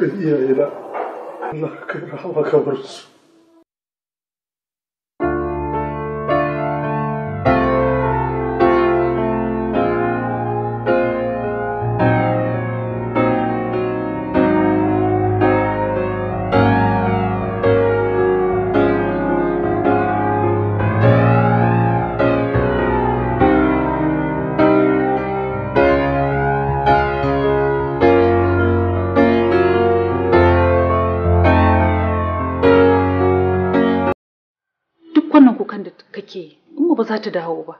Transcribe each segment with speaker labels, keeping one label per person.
Speaker 1: كثيرة إلى أنك رحمك ورسولك
Speaker 2: za ta dawo ba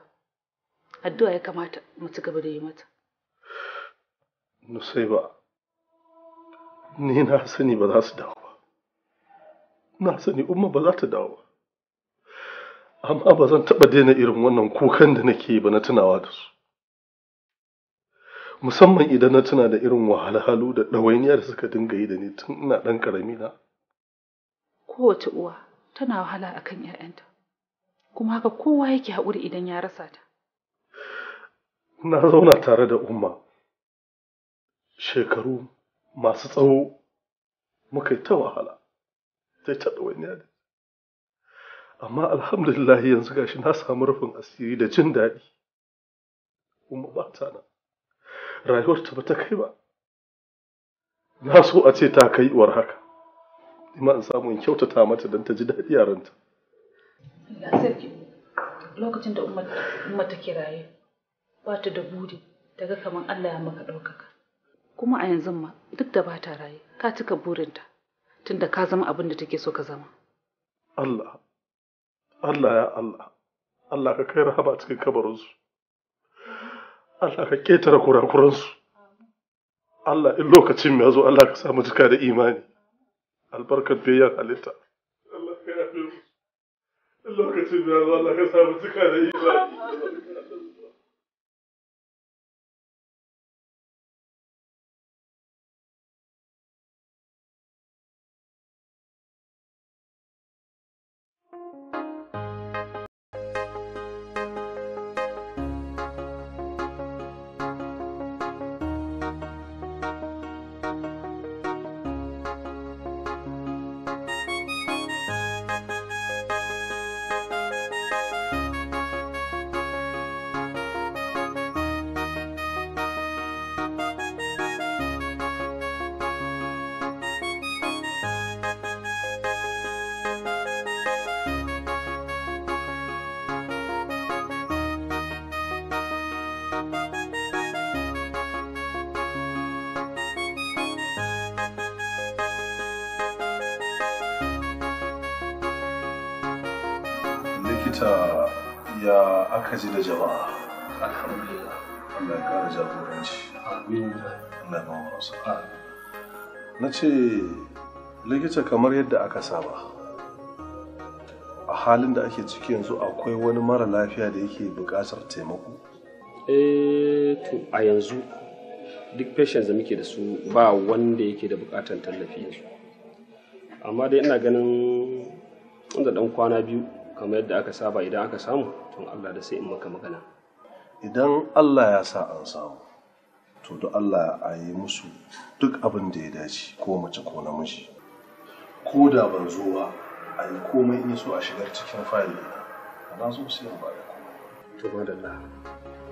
Speaker 2: addu'a ya kamata mu gaba da yi mata
Speaker 3: ba ni na sani ba za su dawo ba na sani umma ba za ta dawo ba amma ba zan taɓa daina irin wannan kukan da nake yi ba na tunawa da su musamman idan na tuna da irin wahalhalu da ɗawainiya da suka dinga yi da ni tun ina ɗan ƙarami na
Speaker 2: kowace uwa tana wahala akan 'ya'yanta kuma haka kowa yake haƙuri idan ya rasa ta
Speaker 3: na zauna tare da umma shekaru masu tsawo muka yi ta wahala ta ta ɗawainiya da amma alhamdulillah yanzu gashi na samu rufin asiri da jin daɗi umma ba ta na rayuwar ta ba ta kai ba na so a ce ta kai uwar haka ima in samu in kyautata mata don ta ji daɗi yaranta
Speaker 2: sarki lokacin da umar ta kiraye ba ta da buri ta ga kamar Allah ya maka ɗaukaka kuma a yanzu ma duk da ba ta raye ka cika burinta tunda ka zama abin da take so ka zama
Speaker 3: Allah Allah ya Allah Allah ka kai rahama cikin kabarinsu Allah ka ƙetare kurakuransu Allah in lokacin ya zo Allah ka samu jika da imani albarkar biyan halitta Allah ka yafe mu
Speaker 4: lokacin da Allah ka samu cika da ba.
Speaker 1: likita ya aka ji da jama'a alhamdulillah Allah ya kara jagoranci Allah ya na ce likita kamar yadda aka saba a halin da ake ciki yanzu akwai wani mara lafiya da yake bukatar taimako
Speaker 5: eh to a yanzu duk patients da muke da su ba wanda yake da buƙatar tallafi yanzu amma dai ina ganin da dan kwana biyu kamar yadda aka saba idan aka samu tun Allah da sai in maka magana idan Allah ya sa an samu to da Allah a yi musu duk abin da ya dace
Speaker 1: ko mace ko namiji ko da ban zo ba a yi komai in so a shigar
Speaker 5: cikin fayil ɗin na zo sai ba da komai to madalla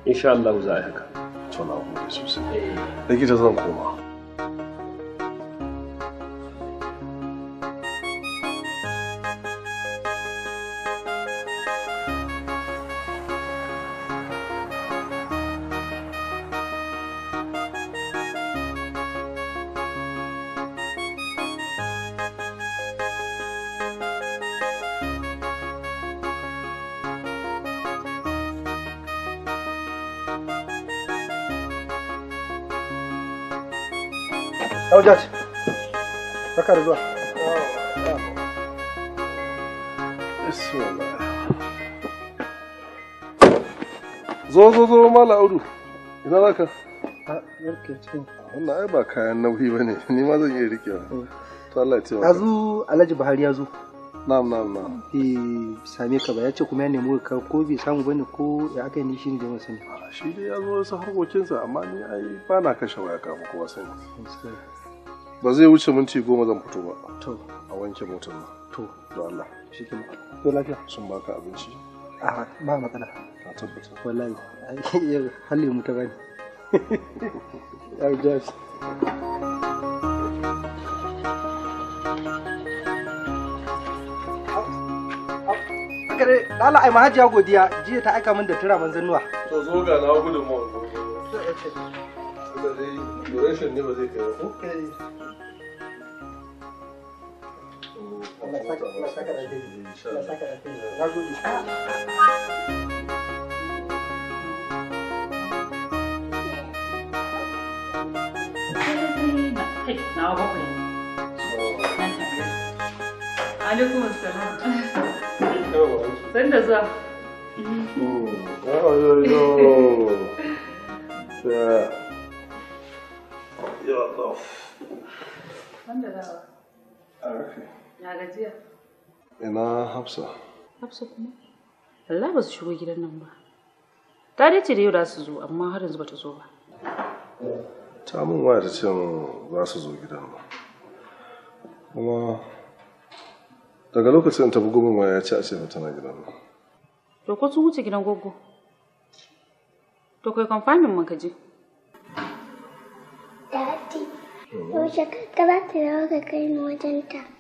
Speaker 5: insha Allah za a yi haka to na gode sosai eh.
Speaker 1: likita zan koma
Speaker 5: Aujat, baka da zuwa.
Speaker 1: Zo zo zo mala audu, ina za ka? Ah, Wannan ai ba kayan nauyi ba ne, ni ma zan iya rikewa. Mm. To Allah ya ce Yazu
Speaker 5: Alhaji Buhari ya zo. Na'am na'am na'am. Eh same ka ba ya ce kuma ya nemi ka ko bi samu bane ko ya aka ni shi ne da mun sani. Ah, shi dai ya
Speaker 1: zo sa harkokinsa amma ni ai ba na kashe waya kafin kowa sani. ba zai wuce minti goma zan fito ba to a wanke motar nan to da Allah shi kuma to lafiya
Speaker 5: sun baka abinci a ba matsala ka tabbata wallahi yau halle mu ta bani ai ja kare lala ai mahajiya godiya jiya ta aika min da tura manzan nuwa
Speaker 6: to zo ga na gudun mu
Speaker 1: ba zai duration ne ba zai kai ba ko eh. Allah saka da kai Allah saka da kai
Speaker 2: na gode na bakwai alaikum salam
Speaker 5: san da zuwa Yeah, yeah,
Speaker 2: yeah. Ya gajiya? Ina Hafsa. Hafsa kuma? Allah ba su shigo gidan nan ba. Ta ce da yau za su zo, amma har yanzu ba ta zo ba.
Speaker 1: Ta mun waya ta ce min za su zo gidan ba Kuma daga lokacin ta bugu ma ya ce a ce ba tana gidan ba.
Speaker 2: To ko sun wuce gidan goggo? To kai kamfanin mun ka je.
Speaker 6: Dati, yaushe ka ta da waka kai ni ta.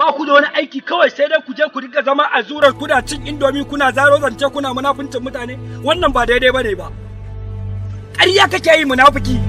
Speaker 4: ba ku da wani aiki kawai sai dai ku je ku riga zama a zurar kuna cin indomi kuna zaro zance kuna munafuncin mutane
Speaker 5: wannan ba daidai bane ba ƙarya kake yi munafiki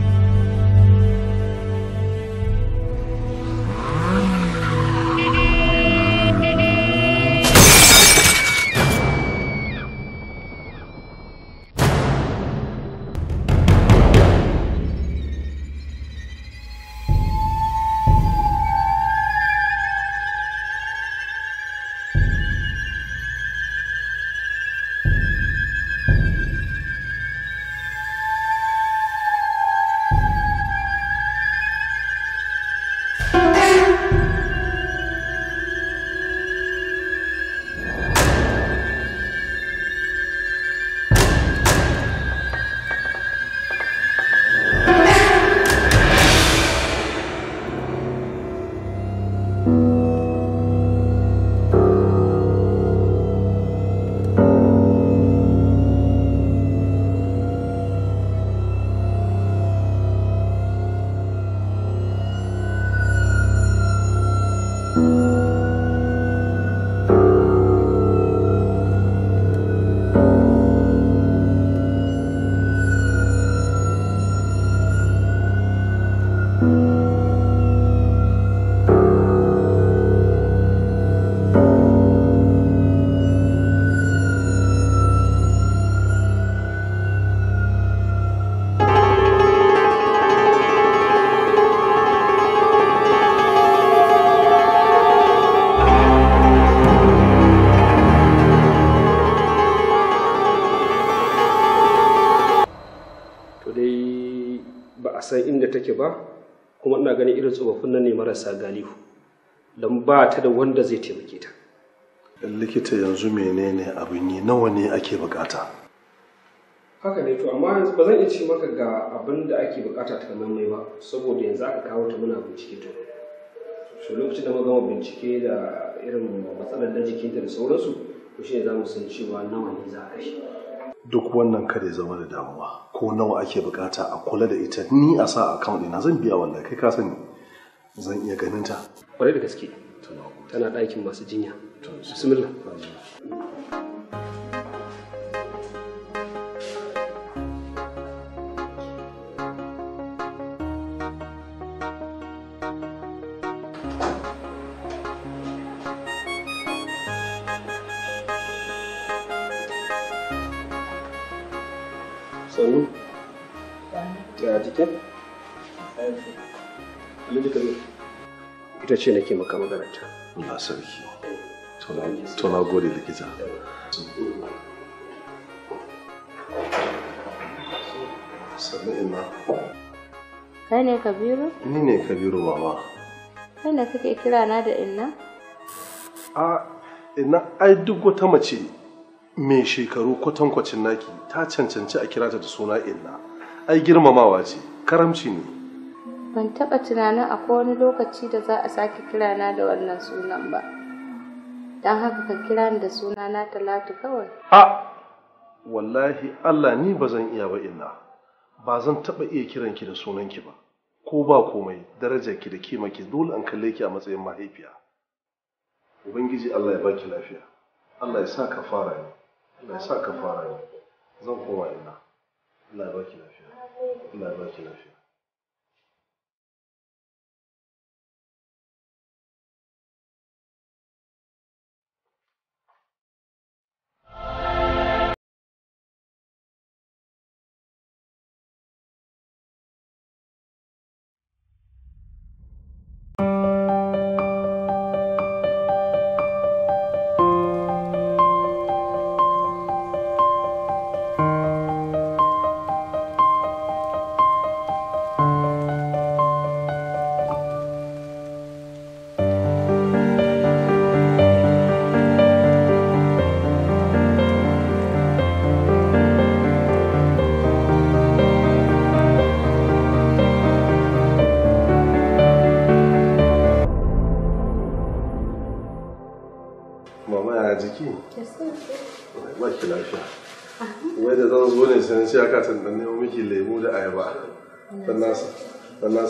Speaker 5: da tsofaffin nan ne marasa galihu don ba ta da wanda zai taimake ta
Speaker 1: likita yanzu menene abin yi nawa ne ake bukata
Speaker 5: haka ne to amma yanzu ba zan iya ce maka ga abin da ake bukata ta mai ba saboda yanzu aka kawo ta muna bincike to shi lokacin da gama bincike da irin matsalar da jikinta da sauransu to shi ne za mu san cewa nawa ne za a shi
Speaker 1: duk wannan kare zama da damuwa ko nawa ake bukata a kula da ita ni a sa account ina zan biya wallahi kai ka sani zan iya ganin ta kwarai da gaske tana ɗakin
Speaker 5: masu jinya bismillah sannu ya Alhaji Kabir. Ita ce nake maka maganarta. Allah sarki.
Speaker 1: Tona gode likita. Sannu ina.
Speaker 7: Kai ne Kabiru?
Speaker 1: Ni ne Kabiru mama.
Speaker 7: Kai ne kake kira na da inna?
Speaker 1: A ina ai duk wata mace mai shekaru kwatankwacin naki ta cancanci a kirata da suna inna. Ai girmamawa ce, karamci ne.
Speaker 7: ban taɓa tunanin akwai wani lokaci da za a sake kirana da wannan sunan ba don haka ka kira ni da suna na talatu kawai
Speaker 1: ha wallahi allah ni ba zan iya ba inna ba zan taɓa iya kiranki da sunanki ba ko ba komai darajar ki da kima ki dole an kalle ki a matsayin mahaifiya ubangiji allah ya baki lafiya allah ya sa ka fara yau, allah ya sa ka fara yau.
Speaker 4: zan koma inna allah ya baki lafiya allah ya baki lafiya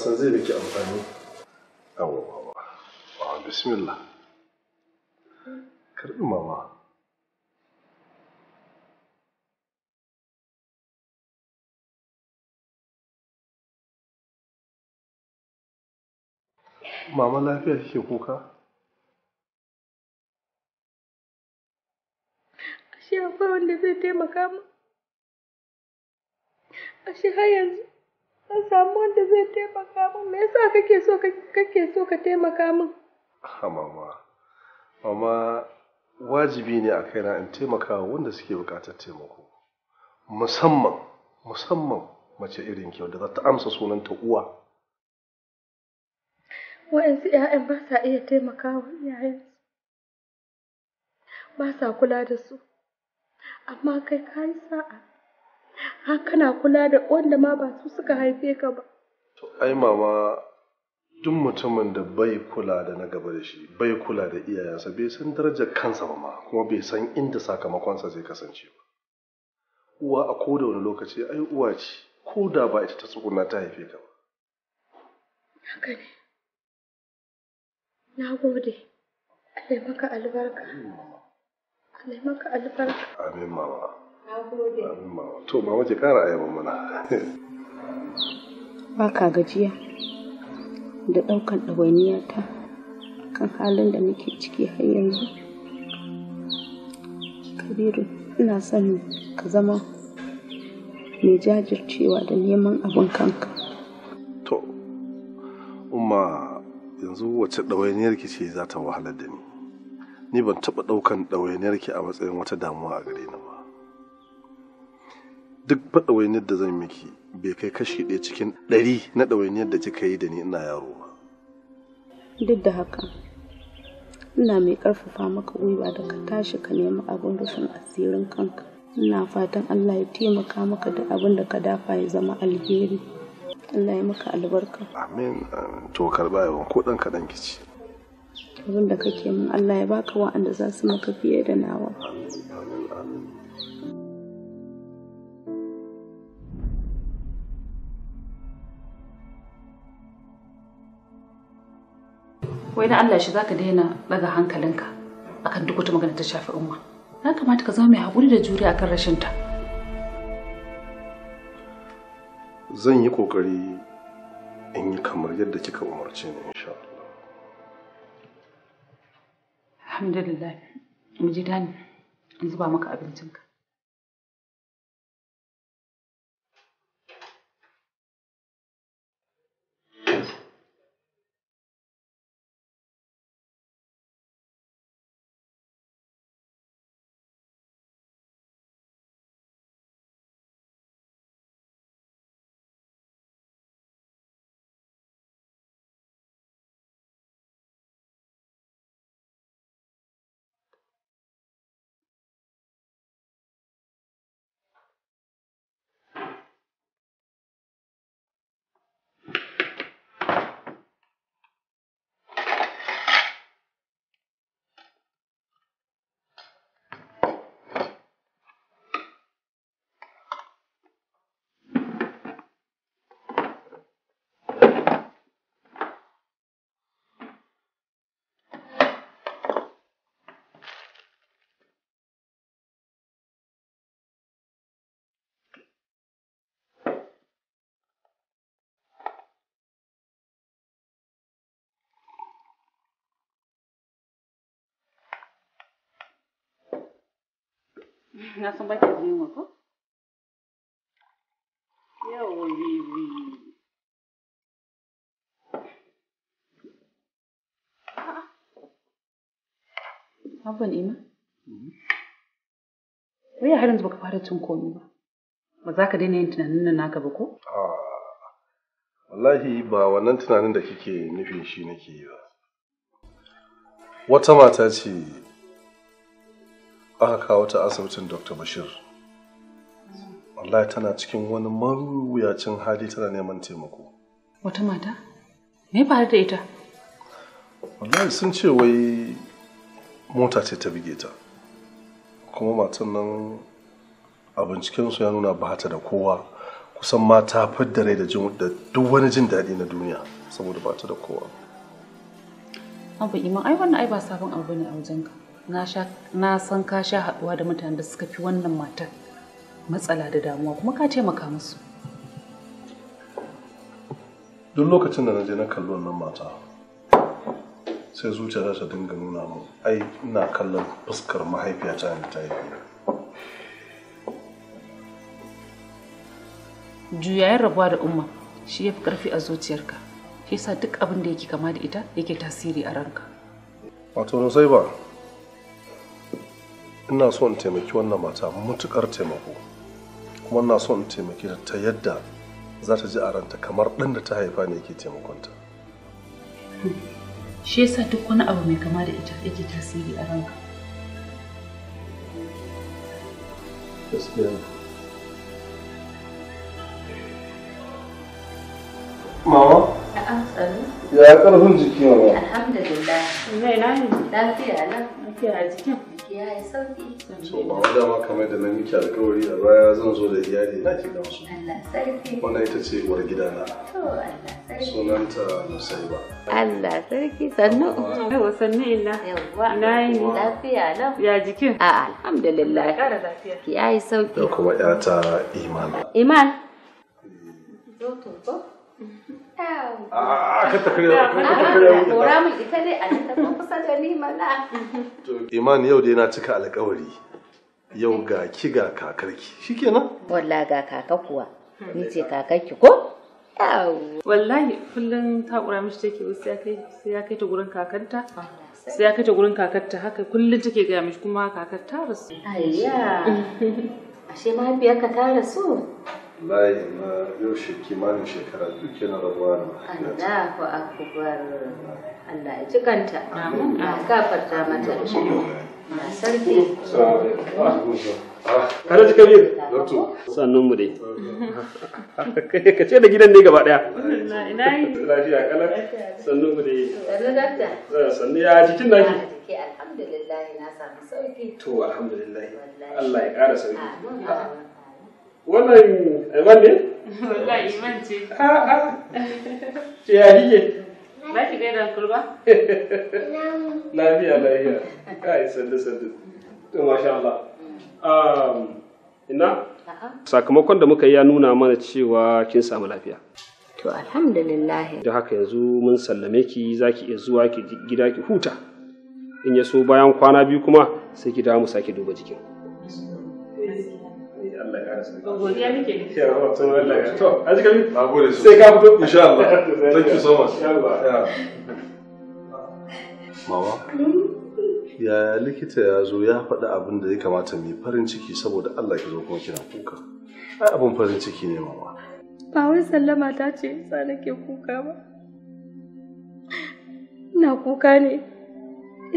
Speaker 1: san zai miki amfani awwawa wa ah, bismillah
Speaker 4: karbi mama mama lafiya kike kuka ashe akwai wanda zai taimaka mu ashe har yanzu An samu wanda zai taimaka min. Me yasa kake so kake so ka taimaka min? Ha
Speaker 1: mama. Mama wajibi ne a kaina in taimaka wanda suke buƙatar taimako.
Speaker 3: Musamman musamman mace irin kyau da za ta amsa sunanta uwa.
Speaker 4: Wa'yansu ‘ya'yan ba sa iya taimakawa iyayensu, ba sa kula da su, amma kai ka yi sa'a. kana kula da wanda ma ba su suka haife ka ba.
Speaker 1: To ai mama duk mutumin da bai kula da na gaba da shi bai kula da iyayensa bai san darajar kansa ba ma kuma bai san inda sakamakonsa zai kasance ba. Uwa a koda wani lokaci ai uwa ce ko da ba ita ta tsuguna ta haife ka ba.
Speaker 4: Haka ne. Na gode. Allah maka albarka. Allah maka albarka.
Speaker 6: Amin mama.
Speaker 1: To, mama ki kara ayaban mana.
Speaker 8: Ba ka gajiya
Speaker 2: da ɗaukar ɗawainiyata kan halin da nake ciki har yanzu. Kabiru, ina son ka zama
Speaker 8: mai jajircewa da neman abin kanka. To,
Speaker 1: umma yanzu wace ɗawainiyar ki ce za ta wahalar da ni? Ni ban taɓa ɗaukan ɗawainiyar ki a matsayin wata damuwa a gare ni. duk faɗawainiyar da zan miki bai kai kashi ɗaya cikin ɗari na ɗawainiyar da kika yi da ni ina yaro ba.
Speaker 2: Duk da haka, ina mai ƙarfafa maka gwiwa da ka tashi ka nemi abin rufin asirin kanka. Ina fatan Allah ya
Speaker 8: taimaka maka da abin da ka dafa ya zama alheri. Allah ya maka albarka.
Speaker 1: Amin. To karɓa yawan ko ɗan kaɗan kici.
Speaker 8: Abin da kake min Allah ya
Speaker 2: baka wa'anda za su maka fiye da nawa. Amin. Amin. Amin. wai na Allah shi zaka daina daga hankalinka akan duk wata magana ta shafi umma ya kamata ka zama mai haƙuri da juriya akan rashin ta
Speaker 1: zan yi kokari in yi kamar yadda kika umarce ni insha Allah
Speaker 2: alhamdulillah
Speaker 4: mu ji dani in zuba maka abincinka Na san ba ki jin wa ko? Yawa bibi.
Speaker 2: Abban ima? Mm-hmm. Wai har yanzu baka fara cin komai ba. Ba za ka daina yin tunanin nan naka ba ko?
Speaker 1: Wallahi ba wannan tunanin da kike nufin shi nake yi ba. Wata mata ce aka kawo ta asibitin dr bashir wallahi tana cikin wani mawuyacin hali tana neman taimako
Speaker 2: wata mata me ba da ita
Speaker 1: wallahi sun ce wai mota ce ta bige ta kuma matan nan a bincikensu ya nuna ba ta da kowa kusan ma ta fidda rai da duk wani jin daɗi na duniya saboda ba ta da kowa
Speaker 2: abu iman ai wannan ai ba sabon abu ne a wajenka na san ka sha haɗuwa da mutanen da suka fi wannan matar matsala da damuwa kuma ka taimaka musu duk lokacin
Speaker 1: da na je na kalli wannan mata sai zuciyarta ta dinga nuna mu ai ina kallon fuskar mahaifiyata ne ta yi
Speaker 2: juyayen rabuwa da umma shi ya fi ƙarfi a zuciyarka shi yasa duk abin da yake kama da ita yake tasiri a ranka
Speaker 1: wato sai ba ina so in taimaki wannan mata mutukar taimako kuma ina so in taimaki ta yadda za ta ji a ranta kamar ɗin da ta haifa ne yake taimakonta
Speaker 2: shi yasa duk wani abu mai kama da ita yake tasiri a
Speaker 6: ranka
Speaker 5: Mama? Ya ƙarfin jiki mama?
Speaker 7: Alhamdulillah. Mai na ne? Lafiya na. Lafiya a jikin. ki ya yi sauki.
Speaker 1: So ba wanda dama kamar da na miki alkawari a baya zan zo da iyali na ki gamsu.
Speaker 7: Allah sarki.
Speaker 1: ita ce uwar gidana. To Allah sarki.
Speaker 7: Sunanta Nusaiba. Allah sarki sannu. Yau sannu illa. Yawwa. Na yi Lafiya lau. Ya jikin? A alhamdulillah. Ya kara lafiya. Ki
Speaker 1: ya yi sauki. Da kuma ƴata
Speaker 7: Iman. Iman. Zo eh. Ah,
Speaker 1: Iman yau dai na cika alkawari yau ga ki ga kakarki
Speaker 7: shi kenan? walla ga kaka kuwa hmm. ni ce kakarki ko wallahi
Speaker 2: kullum takura mishi take wasu ya kai ta gurin kakanta ah, sai
Speaker 7: ya kai ta gurin kakarta haka
Speaker 2: kullum take gaya mishi kuma kakar rasu ayya
Speaker 7: ashe mahaifiyarka ta rasu
Speaker 1: layi na yau shi kimanin shekara duk yana rabuwa da mahaifiyarta.
Speaker 7: Allahu akbar. Allah ya jikanta. Amin. A gafarta mata da shi. Sarki.
Speaker 5: Kada ah. ji kabir. Sannan mu dai. Ka ce da gidan dai gaba daya.
Speaker 7: Lafiya kala.
Speaker 5: Sannan mu dai. Sannu dakta. Eh, sannu ya jikin naki.
Speaker 7: Alhamdulillah na samu sauki. To
Speaker 5: alhamdulillah. Allah ya ƙara sauki. Amin. wannan iman ne?
Speaker 7: wallahi iman ce a'a
Speaker 5: ce ya hige
Speaker 2: ba ki gaida kurba
Speaker 5: lafiya lafiya kai sanda sanda to masha Allah um, ina sakamakon da muka yi ya nuna mana cewa kin samu lafiya to alhamdulillah da haka yanzu mun sallame ki zaki iya zuwa ki gida ki huta in ya so bayan kwana biyu kuma sai ki dawo mu sake duba jikin Allah ya godiya nake ya to Allah ya to kabi na gode sai ka fito insha Allah thank you
Speaker 1: so
Speaker 6: much
Speaker 5: mama
Speaker 1: ya likita ya zo ya faɗi abin da ya kamata mai farin ciki saboda Allah ki zo kuma kina kuka ai abin farin ciki ne mama
Speaker 7: ba wai sallama ta ce sa nake kuka ba ina kuka ne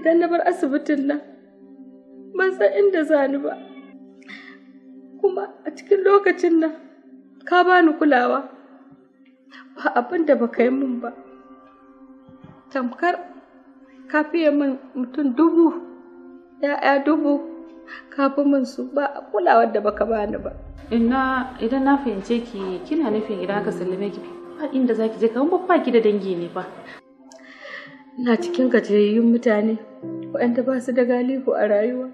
Speaker 7: idan na bar asibitin nan ban san inda zani ba kuma a cikin lokacin nan ka bani kulawa ba abin da ka yi min ba tamkar ka fiye min mutum dubu ya'ya dubu ka fi min su ba kulawar da baka bani ba
Speaker 2: inna idan na fahimce ki kina nufin idan aka sallame ki ba inda zaki je kamar ba ki da
Speaker 8: dangi ne ba
Speaker 7: ina cikin gajiyayyun mutane waɗanda ba su da galihu a rayuwa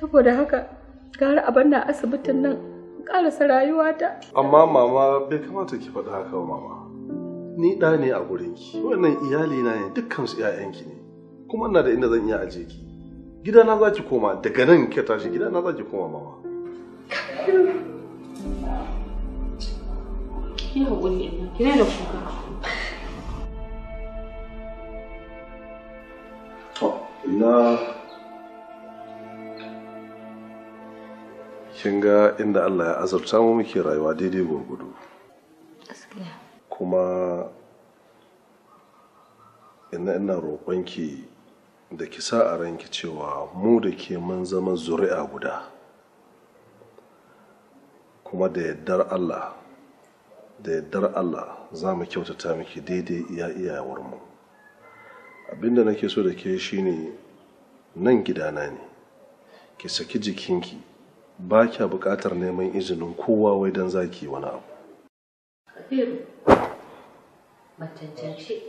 Speaker 7: saboda haka gara a banna asibitin nan karasa rayuwata
Speaker 1: amma mama bai kamata ki faɗa haka ba mama ni ɗa ne a gurin ki wannan iyali na ne dukkan su ƴaƴanki ne kuma ina da inda zan iya aje ki na za ki koma daga nan ki tashi na za ki koma mama
Speaker 8: ki haƙuri
Speaker 1: ina kin ga inda Allah ya azurta mu muke rayuwa daidai gurgudu kuma ina ina roƙonki da ki sa a ranki cewa mu da ke mun zama zuri'a guda kuma da yardar Allah da yardar Allah za mu kyautata miki daidai iya iyawar mu abinda nake so da ke shine nan gidana ne ki saki jikinki ba kya buƙatar neman izinin kowa wai don zaki wani abu.
Speaker 7: Kabiru, ba cancanci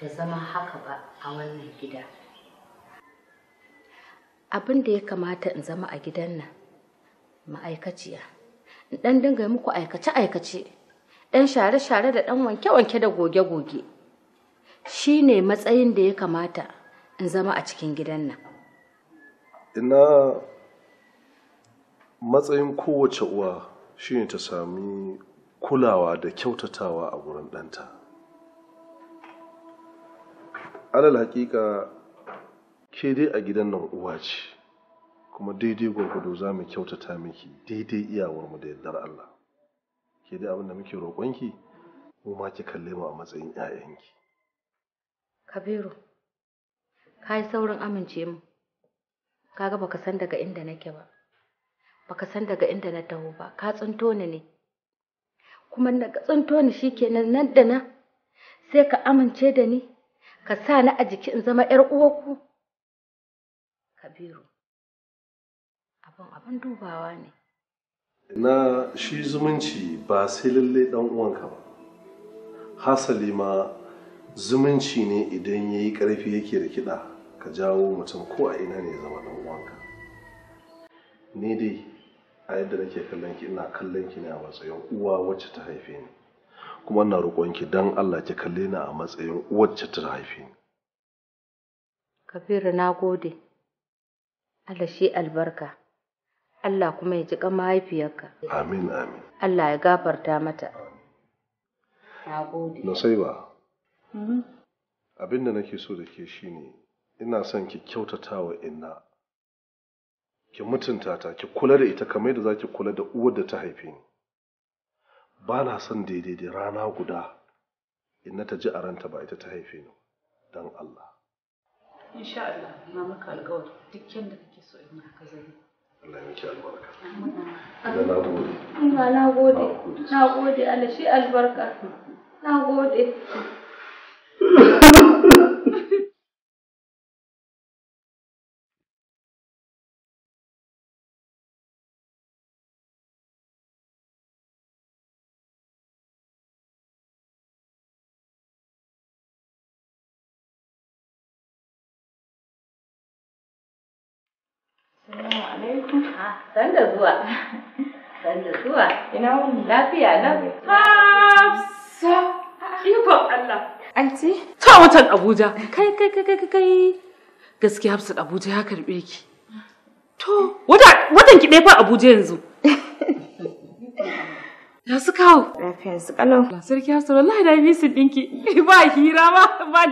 Speaker 7: da zama haka ba a wannan gida. Abin da ya kamata in zama a gidan nan ma'aikaciya, in ɗan dinga muku aikace-aikace, ɗan share-share da ɗan wanke-wanke da goge-goge. shine matsayin da ya kamata in zama a cikin gidan nan.
Speaker 1: Ina matsayin kowace uwa shine ta sami kulawa da kyautatawa a wurin ɗanta alal hakika ke dai a gidan nan uwa ce kuma daidai gwargwado za mu kyautata miki daidai iyawarmu da yardar Allah ke dai abin muke roƙonki mu ma ki kalle mu a matsayin 'ya'yanki
Speaker 7: kabiru ka yi saurin amince mu kaga baka san daga inda nake ba baka san daga inda na taho ba ka tsinto ni ne kuma na ka tsinto ni shikenan nan da nan sai ka amince da ni ka sa ni a jiki in zama yar uwarku kabiru abin abin dubawa ne
Speaker 1: na shi zumunci ba sai lalle dan uwanka ba hasali ma zumunci ne idan ya yi ƙarfi yake da kiɗa ka jawo mutum ko a ina ne zama dan uwanka ne dai a yadda nake kallon ki ina kallon ki ne a matsayin uwa wacce ta haife ni kuma ina roƙon ki dan Allah ki kalle ni a matsayin wacce ta haife ni
Speaker 7: Kabiru na gode Allah shi albarka Allah kuma ya ji mahaifiyarka
Speaker 1: Amin amin
Speaker 7: Allah ya gafarta mata
Speaker 4: Na gode
Speaker 1: Nusaiba mm-hmm. Abin da nake so da ke shine ina son ki kyautatawa wa inna ki mutunta ta ki kula da ita kamar yadda za ki kula da uwar da ta haife ni ba na son daidai da rana guda in na ta ji a ranta ba ita ta haife ni don Allah
Speaker 2: insha Allah na maka alƙawari duk yanda kake so in haka zai Allah ya miki albarka da
Speaker 7: na
Speaker 6: gode ina na gode na gode Allah shi albarka na gode
Speaker 4: alaikum. zuwa. nan. Hafsa.
Speaker 2: Allah. Ta watan Abuja. Kai kai kai kai kai. Abuja ya karbe ki. To, watan ki ɗaya fa Abuja yanzu. Ya su kawo. Lafiyar su kalau. Sarki Hafsat wallahi da bi su dinki. Ba hira ba ba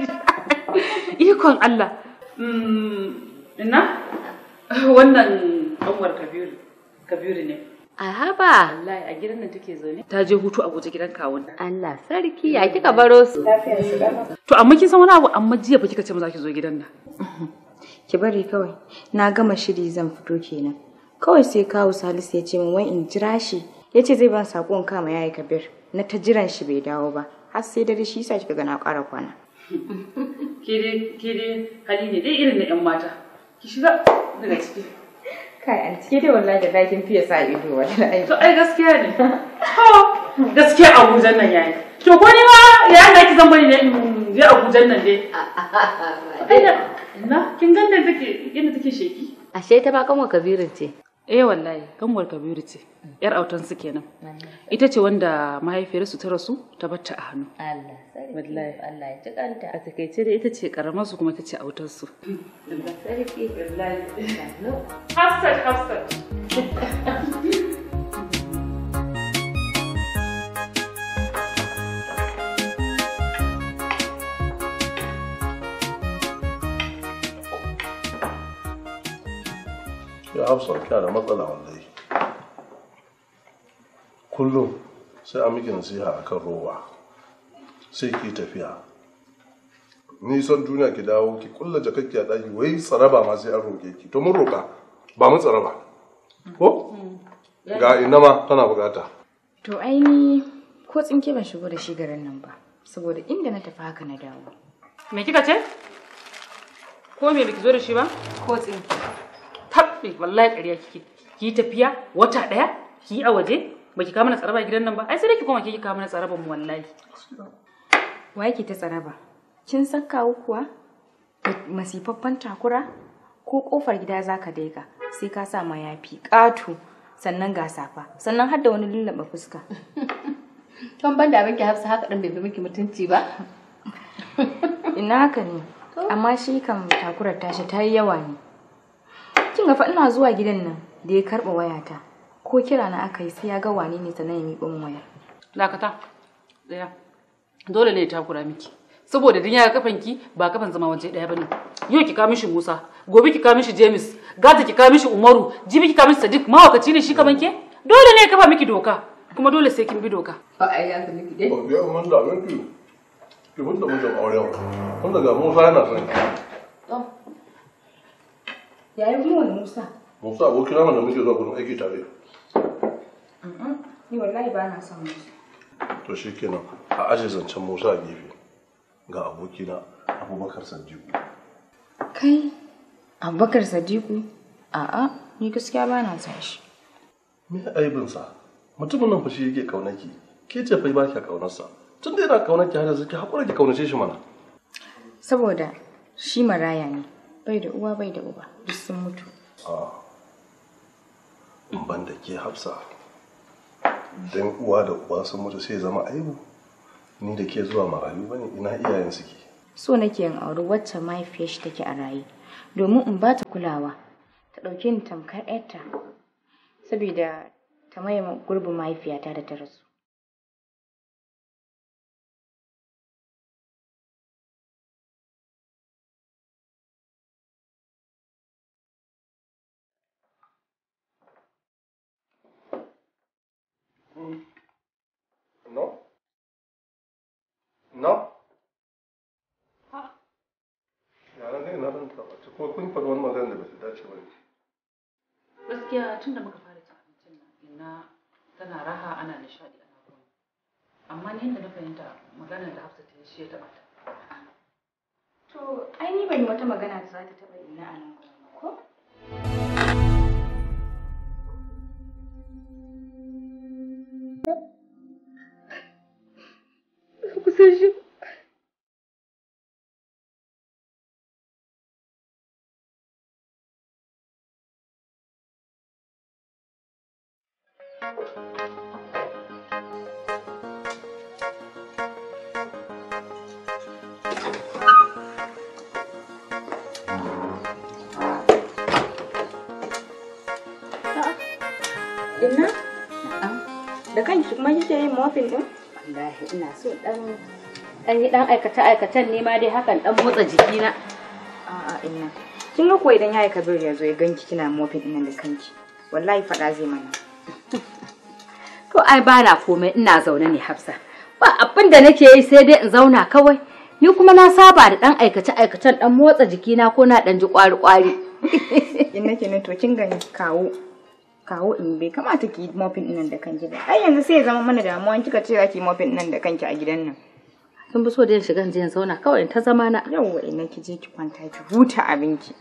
Speaker 2: Ikon Allah. Mm, ina? Wannan ɗanwar Kabiru, Kabiru ne.
Speaker 7: A haba. Wallahi a gidan nan take zaune. Ta je
Speaker 2: hutu a guje gidan kawun. Allah
Speaker 7: sarki ya kika baro su.
Speaker 2: To amma kin san wani abu amma jiya fa kika ce mu za ki zo gidan nan.
Speaker 8: Ki bari kawai. Na gama shiri zan fito kenan. Kawai sai kawu Salisu ya ce min wai in jira shi. Ya ce zai ban sakon kama yayi Kabir. Na ta jiran shi bai dawo ba. Har sai dare shi yasa kika ga na ƙara kwana.
Speaker 2: Kiri kiri hali ne dai irin na 'yan mata. ki shiga daga ciki
Speaker 8: kai an cike dai wallahi
Speaker 2: da dakin fiye sa ido wallahi to ai gaskiya ne gaskiya abujan nan yayi to ko ni ma ya da ki zan bari ne
Speaker 7: je abujan nan
Speaker 2: dai na kin ganda take inda take sheki
Speaker 7: ashe ta ba kanwar kabirin ce eh wallahi
Speaker 2: kanwar kabiru ce yar autan su kenan ita ce wanda mahaifiyar su ta rasu ta batta a hannu Allah ya Allah kanta a takaice da ita ce karamar su kuma ta ce autar su
Speaker 1: Ya hafsa kya da matsala wallahi. kullum sai a miki nasiha akan rowa sai ki tafiya nisan duniya ki dawo ki kulla jakakki a ɗaki wai tsaraba ma sai an roƙe ki to mun roƙa ba mu tsaraba ko
Speaker 8: mm. ga ina
Speaker 1: ma tana bukata
Speaker 8: to aini ko tsinke ban shigo da shi garin nan ba saboda inda na tafi haka na dawo me kika ce
Speaker 2: ko me biki zo da shi ba ko tsinke tabbi wallahi ƙarya kike ki tafiya wata ɗaya ki a waje ba ki kawo mana tsaraba gidan nan ba ai sai dai ki koma ki kawo mana tsaraban mu wallahi
Speaker 8: wa yake ta tsaraba kin san kawo kuwa masifaffan takura ko kofar gida zaka daika sai ka sa mayafi katu
Speaker 7: sannan ga safa sannan har da wani lullaba fuska ton ban da abin ki hafsa haka dan bai bi miki mutunci ba ina haka ne amma shi kan
Speaker 8: takurar tashi tayi yawa ne kin ga fa ina zuwa gidan nan da ya karɓa wayata ko kira na aka yi sai ya ga wane ne sannan ya miƙo min wayar dakata
Speaker 2: daya dole ne ya takura miki saboda din ya ki ba kafan zama waje daya bane yau ki ka mishi Musa gobe ki ka mishi James gata ki ka mishi Umaru jibi ki ka mishi Sadiq mawakaci ne shi kaman ke dole ne ya kafa miki doka kuma dole sai kin bi doka ba ai ya ga miki dai ba ya
Speaker 1: mun da mun ki ki mun da mun da aure kun daga Musa yana son ki
Speaker 8: to yayi kuma Musa
Speaker 1: Musa abokin nan da muke zuwa gurin aiki tare
Speaker 8: Ni wallahi ba na son Musa.
Speaker 1: To shi kenan a aje zancen Musa a gefe ga abokina Abubakar Sadiku.
Speaker 8: Kai Abubakar Sadiku? A'a ni gaskiya ba na son shi.
Speaker 1: Me aibinsa? Mutumin nan fa shi yake kaunaki. Ke ce fa ba ki kaunarsa. Tun da yana kaunaki har yanzu ki haƙura ki kaunace shi mana.
Speaker 8: Saboda shi maraya ne. Bai da uwa bai da uba duk sun mutu.
Speaker 1: A ah, ban da ke hafsa. don uwa da uwa sun mutu sai zama aibu ni da ke zuwa marayu bane ina iyayen suke
Speaker 8: so nake in auri wacce mahaifiyar shi take a raye domin in ba ta kulawa ta ɗauke ni tamkar 'yarta
Speaker 4: saboda ta maye gurbin mahaifiyata da ta rasu
Speaker 3: ci
Speaker 2: gaskiya tun da muka fara cin abincin nan ina tana raha ana nishaɗi ana kuma amma ni yadda na fahimta maganar da hafsa ta yi shi ya taɓa ta
Speaker 8: to ai ni ban wata magana da za ta taɓa ina a nan ko kusan shi shopping din?
Speaker 7: Wallahi ina so dan dan yi dan aikace aikacen ne ma dai hakan dan motsa jiki na. A'a
Speaker 8: ina. Kin ga ko idan ya Kabir ya zo ya ganki kina mopping din da kanki. Wallahi fada zai
Speaker 7: mana. To ai ba na komai ina zaune ne Hafsa. Ba abin da nake yi sai dai in zauna kawai. Ni kuma na saba da dan aikace aikacen dan motsa jiki na ko na dan ji kwari kwari. In nake to kin gani kawo kawo
Speaker 8: in bai kamata ki mopin nan da kanki ba ai yanzu sai ya zama mana damuwa kika ce za ki mopin nan da kanki a gidan
Speaker 7: nan sun bi so da yin shigan jiya zauna kawai in ta zama na wa ina ki je ki kwanta ki huta abinki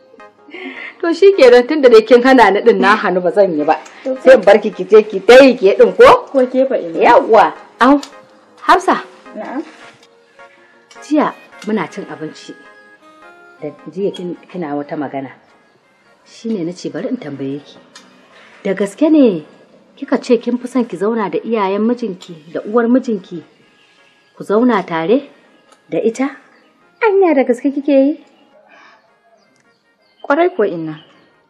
Speaker 7: to shi ke tun tunda dai kin hana ni din na hannu ba zan yi ba sai in barki ki je ki tayi ki din ko ko ke fa ina yawwa au hamsa na'am jiya muna cin abinci da jiya kina wata magana shine na ce bari in tambaye ki da gaske ne kika ce kin fi son ki zauna da iyayen mijinki da uwar mijinki ku zauna tare da ita anya da gaske kike yi
Speaker 8: kwarai ko ina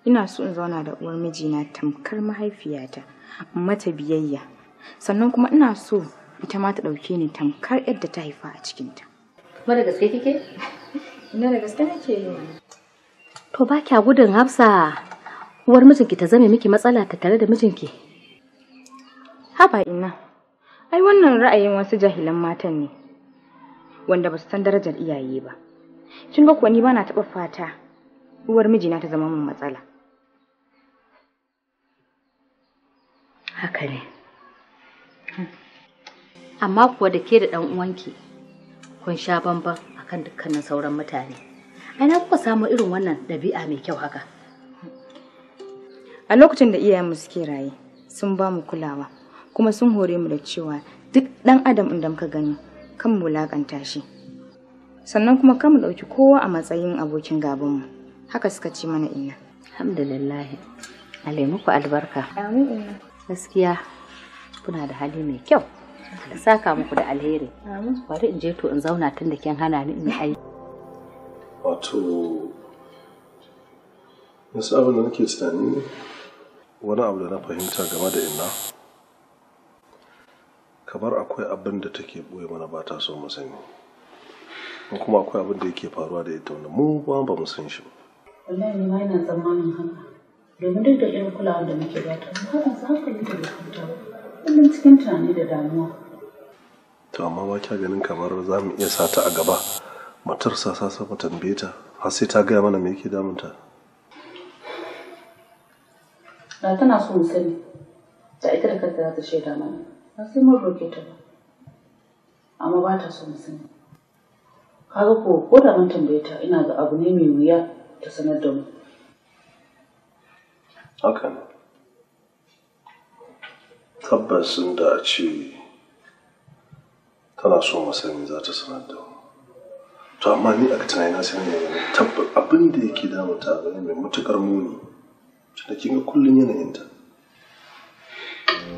Speaker 8: ina so in zauna da uwar mijina tamkar mahaifiyata mata biyayya sannan kuma ina so ita ma ta ɗauke ni tamkar yadda ta haifa a cikinta.
Speaker 7: Kuma da gaske kike? Ina da gaske nake yi. To ba kya gudun Hafsa, uwar mijinki ta zame miki matsala ta tare da mijinki. Haba ina,
Speaker 8: ai wannan ra'ayin wasu jahilan matan ne, wanda ba su san darajar iyaye ba. Kin ga kuwa ni bana taɓa fata uwar mijina ta zama min matsala.
Speaker 6: Haka ne.
Speaker 7: Amma kuwa da ke da ɗan uwanki kun sha bamban akan dukkanin sauran mutane. A ina kuka samu irin wannan ɗabi'a mai kyau haka? A lokacin da
Speaker 8: iyayenmu suke raye sun ba mu kulawa kuma sun hore mu da cewa duk ɗan adam inda muka gani kan mu wulakanta shi. Sannan kuma kan mu ɗauki kowa a matsayin abokin gabanmu. Haka suka ce mana ina. Alhamdulillah. muku
Speaker 7: albarka. Amin Gaskiya kuna da hali mai kyau. saka muku da alheri. Bari in je to in zauna tun da kin hana ni in aiki.
Speaker 1: wato wasu abin da nake tunani wani abu da na fahimta game da ina? kamar akwai abin da take ɓoye mana ba ta so mu sani kuma akwai abin da yake faruwa da ita wani, mu ba ba mu san shi
Speaker 2: wallahi ma yana tsammanin haka domin duk da irin kulawa da muke ba ta hakan sa hankali da hukunta kullum cikin tunani da damuwa
Speaker 1: to amma ba kya ganin kamar za mu iya sata a gaba matar sa sa mu tambaye ta har sai ta gaya mana me yake damunta
Speaker 6: na
Speaker 2: tana so mu sani da ita da kanta za ta shaida mana
Speaker 8: har sai mun roke ta
Speaker 2: ba amma ba ta so mu sani kaga ko ko da mun tambaye ta ina ga abu ne mai wuya ta sanar da mu
Speaker 1: haka ne tabbasin da a ce tana so mu sani za ta sanar da mu to amma ni a tunanina sai ne tabbas abin da yake da ta abu ne mai matukar muni tunda kin ga kullun yanayin ta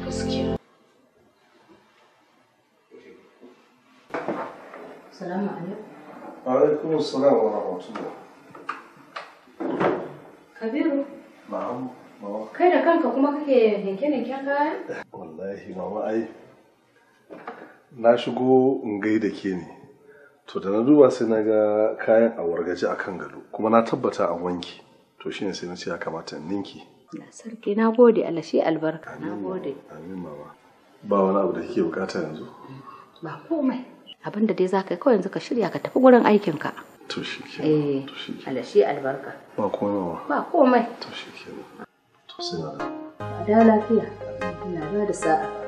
Speaker 1: gaskiya
Speaker 7: salamu alaikum
Speaker 1: wa alaikum assalam wa rahmatullah kabiru ma'am mama
Speaker 7: kai da kanka kuma kake yanke yanken kaya
Speaker 1: wallahi mama ai na shigo in gaida ke ne to da na duba sai na ga kayan a wargaje a kan gado kuma na tabbata an wanke to shine sai na ce ya kamata ninki na
Speaker 7: sarki na gode alashe albarka na gode amin mama
Speaker 1: ba wani abu da kike bukata yanzu
Speaker 7: ba komai abin da dai za ka yi kawai yanzu ka shirya ka tafi gurin aikinka to shi ke eh albarka ba komai ba komai to shi ke to sai na da lafiya ina ba da sa'a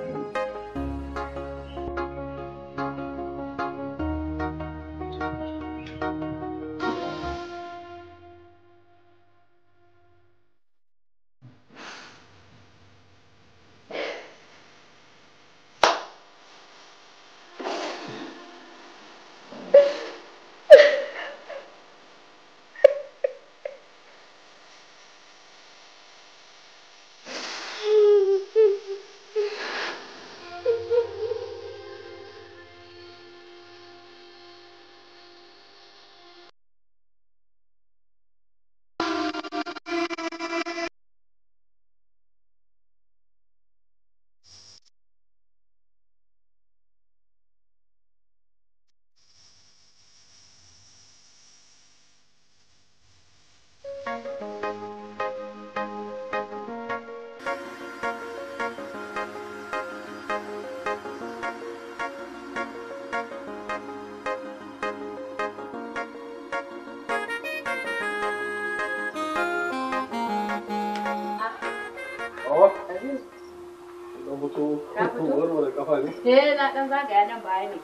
Speaker 7: zagaya ne? Eh na dan zagaya nan baya ne.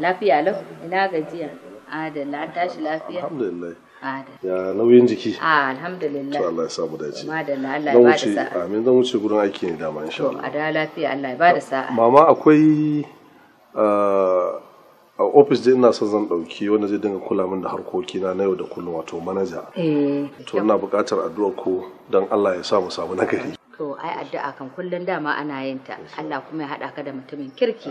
Speaker 7: Lafiya lau ina gajiya. Adalla tashi lafiya. Alhamdulillah.
Speaker 1: Ya nauyin jiki.
Speaker 7: Ah, alhamdulillah. To Allah ya dace. Madalla Allah ya sa'a.
Speaker 1: Amin zan wuce gurin aiki ne dama insha Allah. A
Speaker 7: da lafiya Allah ya sa'a.
Speaker 1: Mama akwai a ofis da ina son zan ɗauki wanda zai dinga kula min da harkokina na yau da kullum wato manaja.
Speaker 6: Eh, to ina
Speaker 1: buƙatar addu'ar ko don Allah ya sa mu samu nagari.
Speaker 7: ai addu'a kan kullum dama ana yin ta Allah kuma ya hada ka da mutumin kirki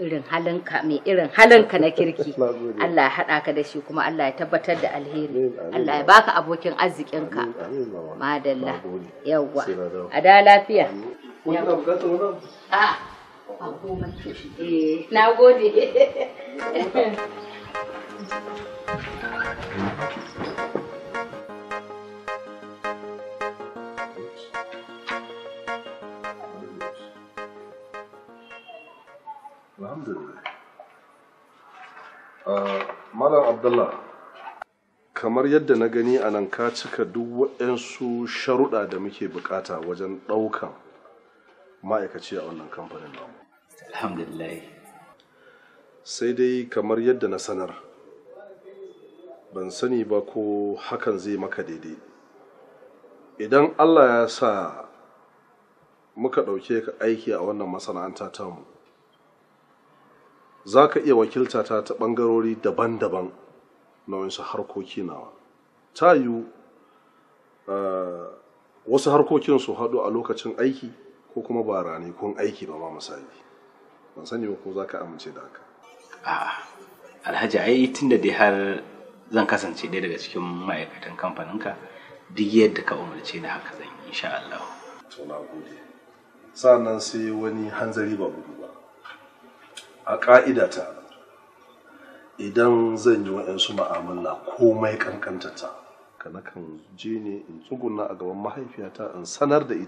Speaker 7: irin halinka mai irin halinka na kirki Allah ya hada ka da shi kuma Allah ya tabbatar da alheri Allah ya baka abokin arzikinka madalla yawwa a da lafiya na gode
Speaker 1: Ah, malam abdullah kamar yadda na gani a nan ka cika duk waɗansu sharuɗa da muke bukata wajen ɗaukan ma'aikaci a wannan kamfanin namu alhamdulillah sai dai kamar yadda na sanar ban sani ba ko hakan zai maka daidai idan allah ya sa muka ɗauke ka aiki a wannan masana'anta tamu za ka iya wakilta ta ta ɓangarori daban-daban na wasu harkoki nawa ta yiwu eh, wasu harkokin su haɗu a lokacin aiki ko kuma ba ranakun aiki ba ma misali ban sani ba ko za
Speaker 5: ka amince da haka a'a alhaji ai tun da dai har zan kasance ɗaya daga cikin ma'aikatan kamfaninka duk yadda ka umarce ni haka zan yi insha Allah to
Speaker 1: na sai wani hanzari ba gudu ba a ƙa'idata idan zan yi waɗansu ma'amala komai
Speaker 4: ƙanƙantata ka na kan je ne in tsuguna a gaban mahaifiyata in sanar da ita